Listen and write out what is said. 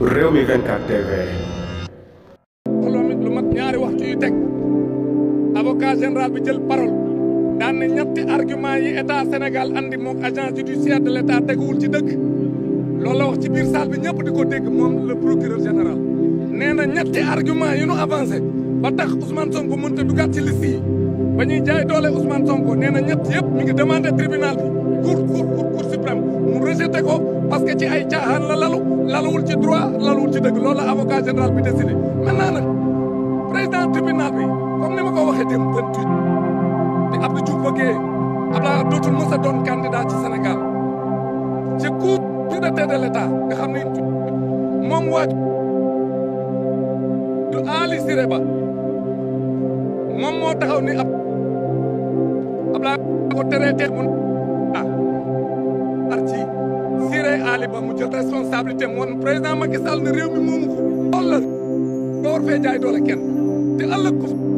réew mi 24 TV. xooloon it lu mat ñaari waxtu yu teg avocat général bi jël parole daan ne ñetti argument yi état senegal andi mook agence judiciaire de l' état teguwul ci dëgg loolu la wax ci biir salle bi ñëpp di ko dégg moom le procureur général. nee na ñetti argument yu nu avancé ba tax Ousmane Sonko mënut a dugaat ci liste yi jaay doole Ousmane Sonko nee na ñett mi ngi demandé tribunal bi. cour cour cour suprême mu rejeté ko parce ci ay caaxaan la lalu laluwul ci droit laluwul ci dëgg loolu la avocat général bi décidé maintenant nag président tribunal bi comme ni ma ko waxee dem ten tuit di Abdou Diouf bëggee Abdoulaye dootul mës a doon candidat ci Sénégal ci cour sûreté de l'État nga xam ne moom waaj du Ali Siré Ba moom moo taxaw ni ab Abdoulaye ko teree teex mun ba mu jël responsabilité am woon président Macky Sall ne réew mi moomu ko. loolu la nga war fee kenn te ëllëg ko.